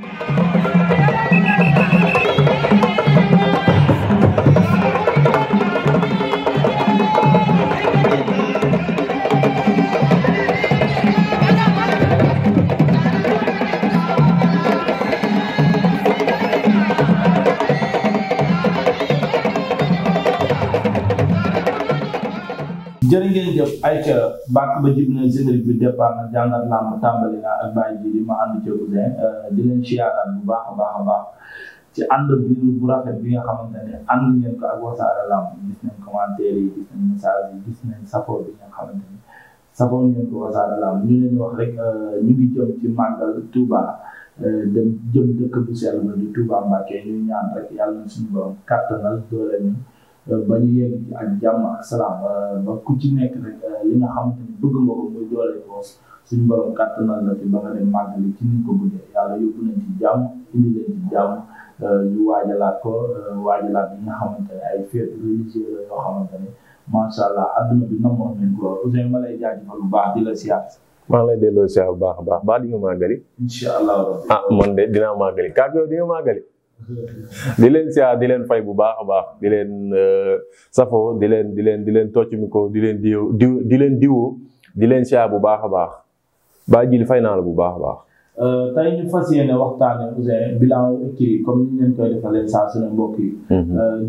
Thank you. bàkk ba jib na générique bi départ na jàngat làmb tàmbali naa ak bàyyi ji di ma ànd ci Ouzin euh, di leen siyaaraat bu baax ci ànd bi bu rafet bi nga xamante ne ànd ngeen ko ak wasaare làmb gis nañ commentaire yi gis nañ message yi gis nañ safoo bi nga xamante ne euh, ngi jëm ci màggal Touba euh, dëkk bu sell ñaan rek yàlla na suñu borom kattanal doole ba ñu yegg ak salaam euh, ba ku ci nekk nag euh, li nga xamante ni bëgg nga ko muy doole euh, ay fête religieuse la allah adduna bi namoon nañ ko Ousseyn ma lay jaajëfal bu baax di la delloo siyaar bu baax a baax baax di di leen siyaar di leen fay bu baax a baax di leen euh, safoo di leen di leen di leen tocc di leen diw di leen diwoo di leen siyaar bu baax a baax baa jili fay naa la bu baax a baax euh, tey ñu fas mhm. euh,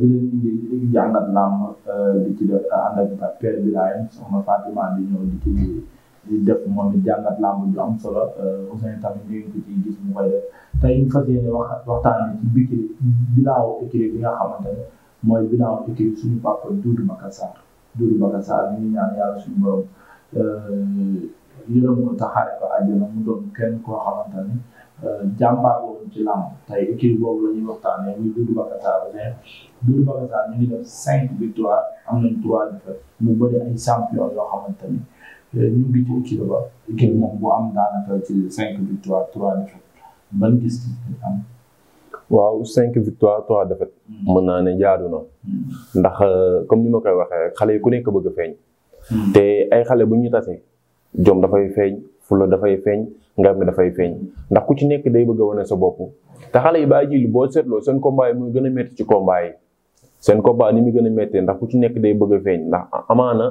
ci ànd di def moom it jàngat làmb ju am solo euh, Ousseynou tamit ñu ngi ko ciy mu koy def tey ñu fas yéene wax waxtaan ci biir bilaaw écurie bi nga xamante ne mooy bilaaw écurie suñu papa Doudou Baka Sarr Doudou Baka Sarr ñu ñaan yàlla suñu borom euh, yërëm ko taxaare ko àjjana mu doon kenn koo xamante jàmbaar woon ci làmb tey équipe boobu la ñuy waxtaanee muy Doudou Bakassar mais Doudou Bakassar ñu def cinq victoire am nañ trois défaites mu bëri ay champion yoo xamante ni ñu ngi ci équipe ba équipe moom bu am daanaka ci cinq victoire trois défaites mën naa ne jaadu hmm. ndax euh, comme ni ma koy waxee xale yi ku nekk bëgg a feeñ. Hmm. te ay xale bu ñuy tase jom dafay feeñ fulo dafay feeñ. ngelaw mi dafay feeñ ndax ku ci nekk day bëgg a wane sa bopp te xale yi baa jil boo seetloo seen combat yi muy gën a métti ci combat yi seen combat ni muy gën a méttee ndax ku ci nekk day bëgg a feeñ ndax amaana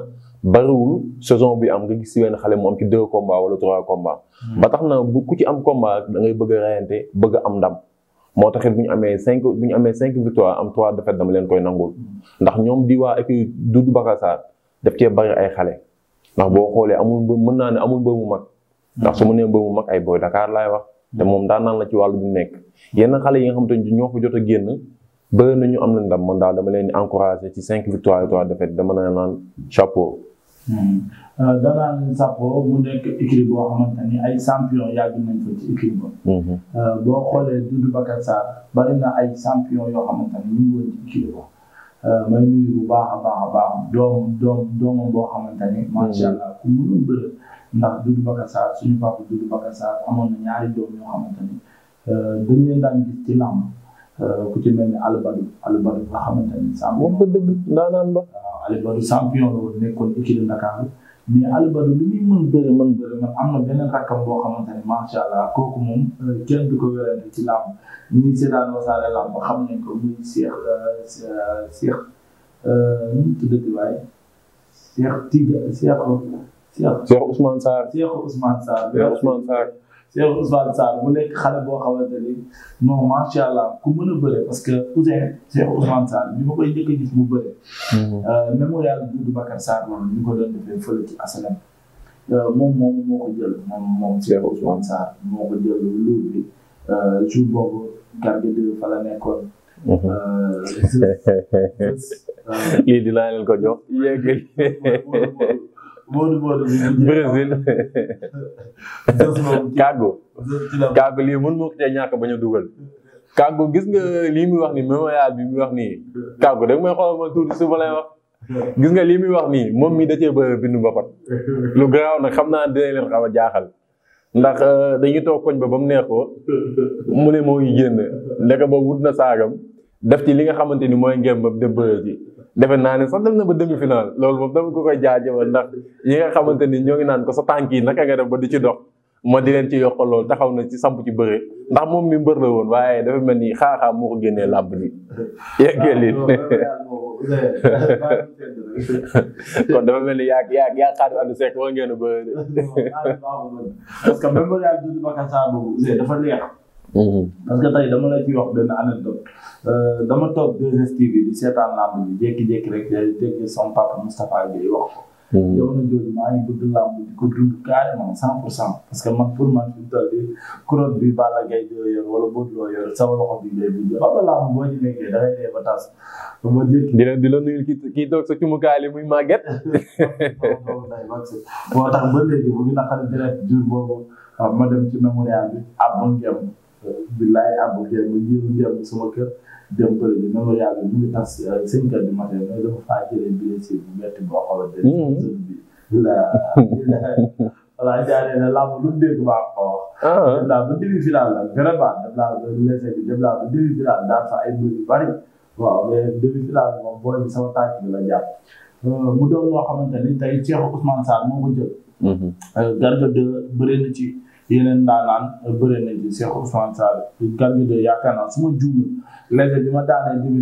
bariwul saison bi am nga gis si wenn xale mu ci deux combats wala trois combats. ba tax na bu ku ci am combat da ngay bëgg a reyante bëgg am ndam moo taxit bu ñu amee cinq bu ñu amee cinq victoire am trois défaites dama leen koy nangul ndax ñoom di waa équipe Doudou Baka Sarr def cee bari ay xale ndax boo xoolee amul mën naa ne amul mbër mu mag. ndax su ma nee mbër mu mag ay boy Dakar laay wax te moom daan naan la ci wàllu bu nekk yenn xale yi nga xam te ne ñoo fa jot a génn bëri na ñu am na ndam man daal dama leen di encouragé ci cinq victoires et trois défaites dama ne naan chapeau. Hmm. Euh, danaan ni ay champion yàgg nañ hmm. euh, boo xoolee na ay champion yoo xamante ni ñu ngi woon ci Euh, may nuyu bu baax a baax a baax doom doom boo xamante ne. macha mm-hmm. allah ku mënoon bëre ndax du Baka Sarr suñu papa Doudou Baka Sarr amoon na ñaari doom ñoo xamante ne euh, dañ leen daan gis ci làmb euh, ku ci mel ni Alibadou Alibadou nga xamante ne. champion wax dëgg ndaanaan ba. waaw Alibadou champion nekkoon équipe mais Alibado li muy mën bëri mën bëri man am na beneen rakkam boo xamante ne macha allah kooku moom euh, kenn du ko wérante ci làmb ñi seetaan Wassare Làmb xam nañ ko muy Cheikh euh, Cheikh euh, nu mu tuddati waaye Cheikh Tidiane Cheikh Cheikh Ousmane Sarr Cheikh Ousmane Sarr Cheikh Ousmane Sarr Cheikh Ousmane Sarr mu nekk xale boo xamante ni non macha allah ku mën a bëre parce que Ousseyn Cheikh Ousmane Sarr bi ma koy njëkk a gis mu bëre. mémorial Doudou Bakar Sarr noonu ñu ko doon defee fële ci asalam. moom moom moo ko jël moom moom Cheikh Ousmane Sarr moo ko jël loolu bi jour boobu Modou Modou Brésil. lii mën moo ko cee ñàkk bañ a dugal. kàggu gis nga lii muy wax nii mémorial bi muy wax nii kàggu da nga may xoolal ma tuuti su ma lay muy wax nii moom mi da cee bëri bindu lu garaaw nag xam naa dinañ leen xaw a jaaxal. ndax euh, dañuy toog koñ ba ba mu neexoo mu ne moo ngi génn ndeke ba wut na saagam def ci li nga xamante ni mooy ngeen ba dem bëri ji. defe naa ne sax dem na ba demi final loolu moom dama ko koy jaajëfal ndax ñi nga xamante ni ñoo ngi naan ko sa tànk yi naka nga def ba di ci dox moo di leen ci yokk loolu taxaw na ci samp ci bëre ndax moom mi mbër la woon waaye dafa mel ni xaaxaa moo ko génnee làmb ji yeggeel it kon dafa mel ni yaa yaa yaa xaar ànd sekk war ngeen a bëre de. Mhm. parce que tey dama la ciy wax benn anecdote euh, dama toog 2STV di seetaan làmb bi jékki-jékki rek day dégg sama papa Moustapha wax ko. Mhm. jamono jooju maa ngi bëgg làmb di ko dund carrément parce que man pour man fi mu toll nii kuréel bi Balla Gaye di yor wala Modou Lo yor sama loxo bi lay dund ba ba làmb boo ci ba tas ba jékki di la di la nuyul kii kii toog sa ma dem ci mémorial bi ab ngem billaay àbb kër ba yéen dem sama kër dem bëri ji même yàlla mu ngi tas seen kër di matin mais dafa faa jëlee biir si bu métti boo xamante la voilà jaaree na làmb lu dégg baax ko wax. dem naa ba demi final la vraiment dem naa ba léeg-léeg dem naa ba demi final daan fa ay mbir yu bari waaw mais demi final moom booy bi sama tànk bi la jàpp mu doon loo xamante ni tey Cheikh Ousmane Sarr moo ko jël. Garga de bëri na ci. yeneen daanaan bëre nañ ci Cheikh Ousmane Sarr Garga 2 yaakaar naa su ma juumul léegi bi ma daanee demi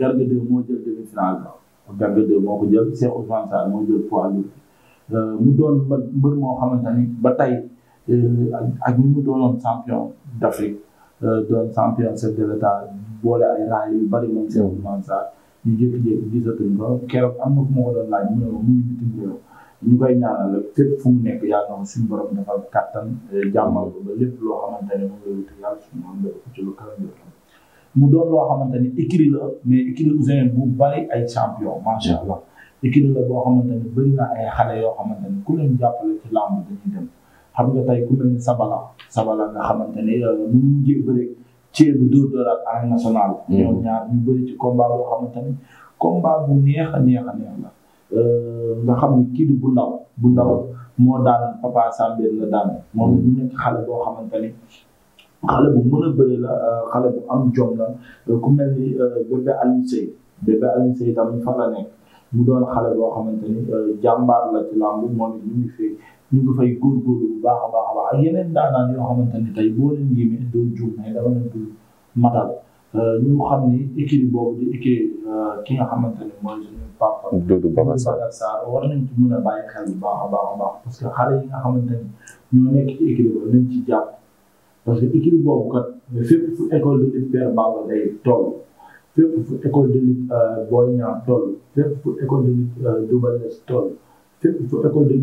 Garga 2 moo jël demi final ba Garga 2 moo ko jël Cheikh Ousmane Sarr moo jël poids euh, doon mbër moo xamante ni ba tey euh, ak ni mu doonoon champion d'Afrique euh, doon champion chef de l'État boole ay raay yu bari moom Cheikh Ousmane Sarr ñu jékki-jékki gisatuñ ko keroog doon laaj mu ne mu ngi bitim ñu koy ñaanal fépp fu mu nekk yàlla na suñu borom dafa kàttan eh, jàmmal ko la wut yàlla suñu borom dafa ko ci lu karam mu doon loo xamante ne écrit la mais écrit Ouzin bu bari ay champion macha allah écrit la boo xamante ay xale yoo xamante ne ku leen ci làmb dañuy dem xam nga tey ku mel ni Sabala nga xamante ne eh, mu mujjee bëri ceebu dóor dóor ak arène nationale mm. ñoom ñaar ci combat boo xamante ne combat bu neex a neex a Euh, nga xam ni kii di bu ndaw bu ndaw moo daan Papa Sambir la daan moom mu nekk xale boo xamante ni xale bu mën a bëri la euh, xale bu am jom la euh, ku mel ni bébé Alioune Seye bébé Alioune Seye tamit fa la mu doon xale boo xamante ni jàmbaar la ci làmb moom it ñu ngi fi ñu ngi fay góorgóorlu bu baax a baax a yeneen daanaan yoo xamante ni tey boo leen limee doo juum mais dama leen dul matal ñu xam ni équipe boobu di équipe euh, ki nga ne mooy suñu papa. Doudou Baba war nañ ci mën a bàyyi baax a baax a baax parce que xale yi nga xamante nekk ci équipe ci jàpp parce que équipe boobu kat fépp fu école de lutte Père Baba day toll fépp fu école de lutte euh, Boy Niang toll fépp fu école de lutte euh, Double Less toll fu école di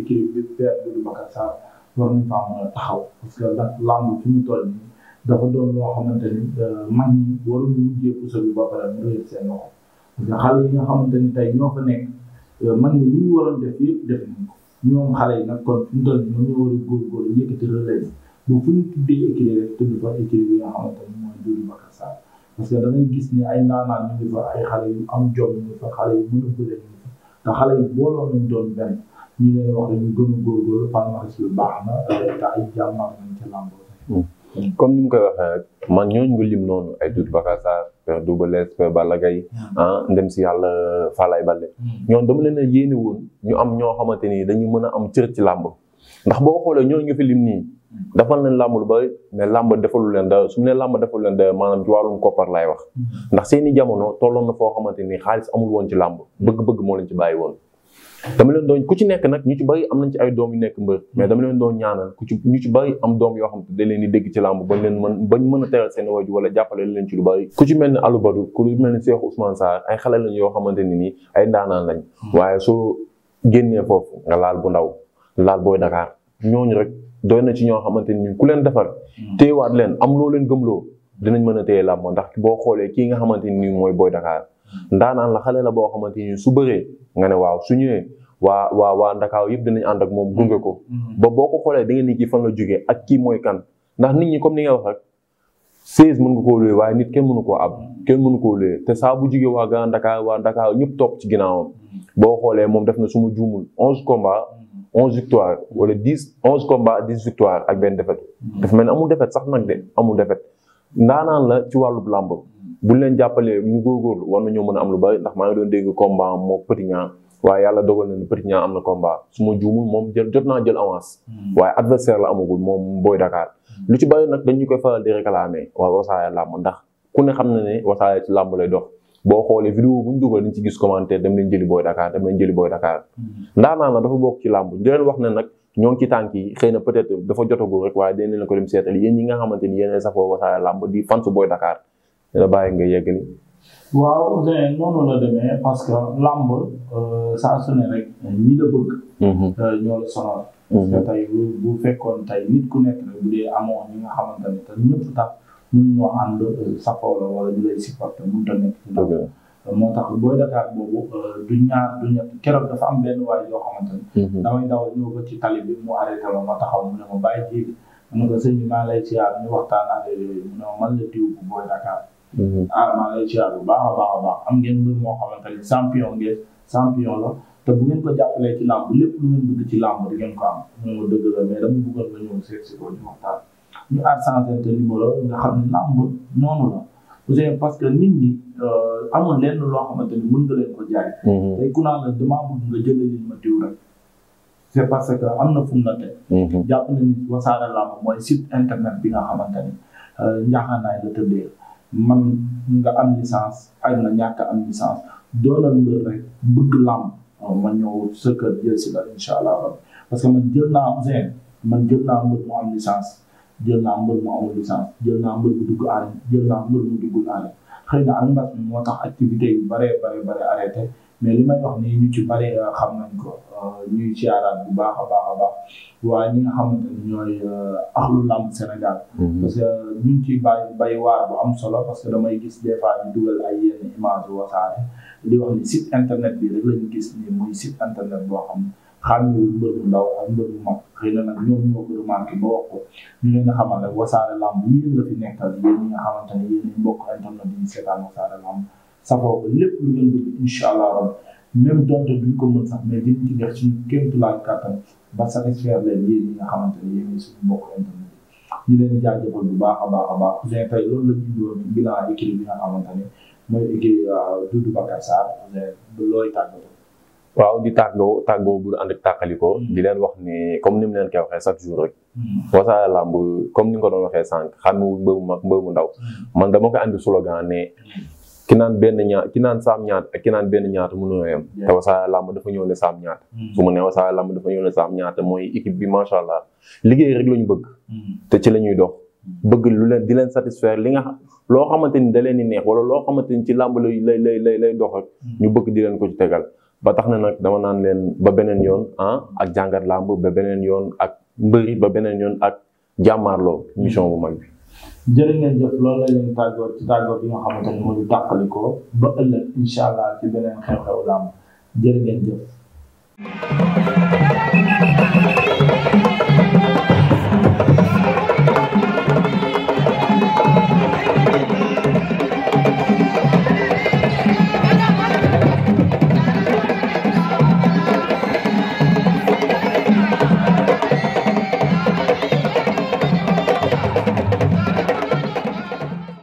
équipe bi Père war nañ taxaw parce que nag làmb fi mu toll nii dafa doon loo xamante ni euh, mag ñi waruñu mujjee puso bi ba pare yi nga xamante ni tey ñoo fa nekk euh, mag ñi li ñu waroon ñoom xale yi nag kon fi mu toll nii ñoom ñoo war a góorgóorlu yëkkati relais bi bu fu ñu tuddee écurie rek tudd fa écurie bi nga xamante parce que da gis ni ay ndaanaan ñu ngi fa ay xale yu am jom ñu fa xale yu mën a te xale yi booloo nañ ñu euh, hmm. comme ni mu koy waxee rek man ñooñu nga lim noonu ay Doudou Baka Sarr Père Double Less Balla Gaye hmm. ah ndem si yàlla Falaye Baldé hmm. ñoom dama leen a yéene woon ñu am ñoo xamante nii dañu mën a am cër ci làmb ndax boo xoolee ñooñu nga fi lim nii defal leen làmb lu bari mais làmb defalu leen da su mu ne làmb defalu leen da maanaam ci wàllum koppar laay wax ndax seeni jamono tolloon na foo xamante nii xaalis amul woon ci làmb bëgg-bëgg moo leen ci bàyyi woon dama leen doon ku ci nekk nag ñu ci bëri am nañ ci ay doom yu nekk mbër mais dama leen doon ñaanal ku ci ñu ci bëri am doom yoo xam te da leen di dégg ci làmb bañ leen mën bañ mën a jàppale leen ci lu bëri ku ci ni Alou Badou ku ci ay xale lañ yoo xamante ni nii ay ndaanaan lañ waaye soo génnee foofu nga laal bu ndaw laal booy dakaar ñooñu rek doy na ci ñoo xamante ni ku leen defar hmm. téyewaat leen am loo leen gëmloo dinañ mën a teye làmb ndax boo xoolee kii nga xamante nii mooy booy dakaar ndaanaan la xale la boo xamante ni su bëree nga ne waaw su ñëwee waa waa waa Ndakaaw yëpp dinañ ànd ak moom gunge ko. Mm-hmm. ba boo ko xoolee da ngeen ni kii fan la jógee ak kii mooy kan ndax nit ñi comme ni nga wax rek seize mën nga koo luye waaye nit kenn mënu koo ab kenn mënu koo luye te saa bu jógee waa Grand Dakar ñëpp toog ci ginnaawam mm-hmm. boo xoolee moom def na su ma juumul onze komba mm-hmm. onze victoire wala dix onze combats dix victoire ak benn défaite. dafa mel ni amul défaite sax nag de amul défaite ndaanaan la ci wàllu làmb bu leen jàppalee ñu góorgóorlu war nañoo mën a am lu bari ndax maa ngi doon dégg combat moo Petit Niang waaye yàlla dogal na ne Petit Niang am na combat su ma juumul moom jël jot naa jël avance. Hmm. waaye adversaire la amagul moom booy Dakar. Hmm. lu ci bari nag dañu koy faral di réclamer waaw Wassare Lamb ndax ku ne xam na ne Wassare ci làmb lay dox boo xoolee vidéo bu ñu dugal dañ ci gis commentaire dem leen jëli Boy Dakar dem leen jëli Boy Dakar. Hmm. ndaanaan na dafa bokk ci làmb di leen wax ne nag ñoo ngi ci tànk yi xëy na peut-être dafa jotagul rek ñi nga xamante ni yéen a safoo Wassare Lamb di fans Boy la bàyyi nga yeggali. waaw Ouzin noonu la demee parce que làmb euh, saa rek ñi la bëgg. Mhm. Euh, ñoo la sonal. Mhm. bu fekkoon tey nit ku nekk rek bu dee amoo ñi nga xamante ne te ñëpp tax mun ñoo ànd euh, sapoo la wala ñu lay moo tax boo Dakar boobu du ñaar du ñett keroog dafa am mhm. damay daw ñëw ba ci tali mu arrêté ma ma taxaw mu ne ma bàyyi jiibi mu ne ko sëñ bi maa lay siyaar ñu waxtaan ak mu ne ma bu booy Dakar. Mhm. ah maa ngi lay baax a baax baax am ngeen mbir moo xamante ne champion ngeen champion la te bu ngeen ko jàppalee ci làmb lépp lu ngeen bëgg ci làmb di ngeen ko am moo dëgg la mais dama bëggoon nga ñëw seet si nga xam ne làmb noonu la parce que nit ñi euh, amul lenn ni leen ko jaay. Mhm. tey ku naan la est parce que am na fu mu la teg. Mhm. jàpp na ni wasaare làmb mooy site internet bi nga xamante ni euh, njaaxaanaay la tëddee. man nga am ay ak nga ñàkk am doole doonal mbër rek bëgg làmb oh, ma ñëw sa kër jël si la allah rabbi parce que man jël naa Ouzin man jël naa mbër mu am licence jël naa mbër mu jël naa mbër mu dugg jël naa mbër mu duggul xëy na ak moo tax activités yu bare bare bare arrêté mais li may wax ni ñu ci mari euh, xam nañ ko euh, ñu siyaaraat bu baax a baax a baax waaye ñi nga ñooy euh, axlu làmb Sénégal. Mhm. parce que ñu ngi ciy bàyyi bay waar bu am solo parce que damay gis des fois dugal ay yenn image wasaare di wax ni internet bi rek la ñu gis nii muy site internet boo xam ndaw ak mbër mu mag xëy na nag ñoom ñoo ko remarqué ba wax ko ñu leen a xamal fi nekkal yéen ñi nga xamante ne yéen ñi mbokk internet ñu seetaan wasaare làmb. safoo ko lépp lu ngeen bëgg incha allah rabbi même donte duñ ko mën sax mais dinañ ci def suñu kéem tolluwaay kàttan ba satisfaire leen yéen ñi nga xamante ne yéen suñu mbokk internet ñu leen di jaajëfal bu baax a baax a baax Ouzin tey loolu la ñu doon bilan équipe bi nga xamante ne mooy équipe euh, Doudou Bakar Sarr looy tàggatoo. waaw di tàggoo tàggoo bu ànd ak tàqaliko mm. di leen wax ni comme ni mu leen koy waxee chaque jour rek. Mm. Wassare Lamb comme ni nga ko doon waxee sànq xam nga mbër mu mag mbër mu ndaw. Mm. man dama ko andi slogan ne. ki naan benn ñaar ki naan saam ñaat ak benn ñaata mënoo yem te Wassare Lamb dafa ñëw ne saam ñaata bu mm. mu ne Wassare dafa ñëw ne ñaata mooy équipe bi macha allah liggéey rek lañu bëgg mm. te ci la ñuy dox mm. bëgg lu leen di leen satisfaire li nga loo xamante ni da leen di neex wala loo xamante ni ci làmb lay lay lay lay lay dox ak ñu bëgg di leen ko ci tegal ba tax na nag dama naan leen ba beneen yoon ah ak jàngat làmb ba beneen yoon ak mbëri ba beneen yoon ak jàmmaarloo mission bu mag bi jërë ngeen jëf loolu la leen tàggoo ci tàggoo bi nga xamante ni mooy tàqali ko ba ëllëg incha allah ci beneen xew-xew làmb jërë jëf.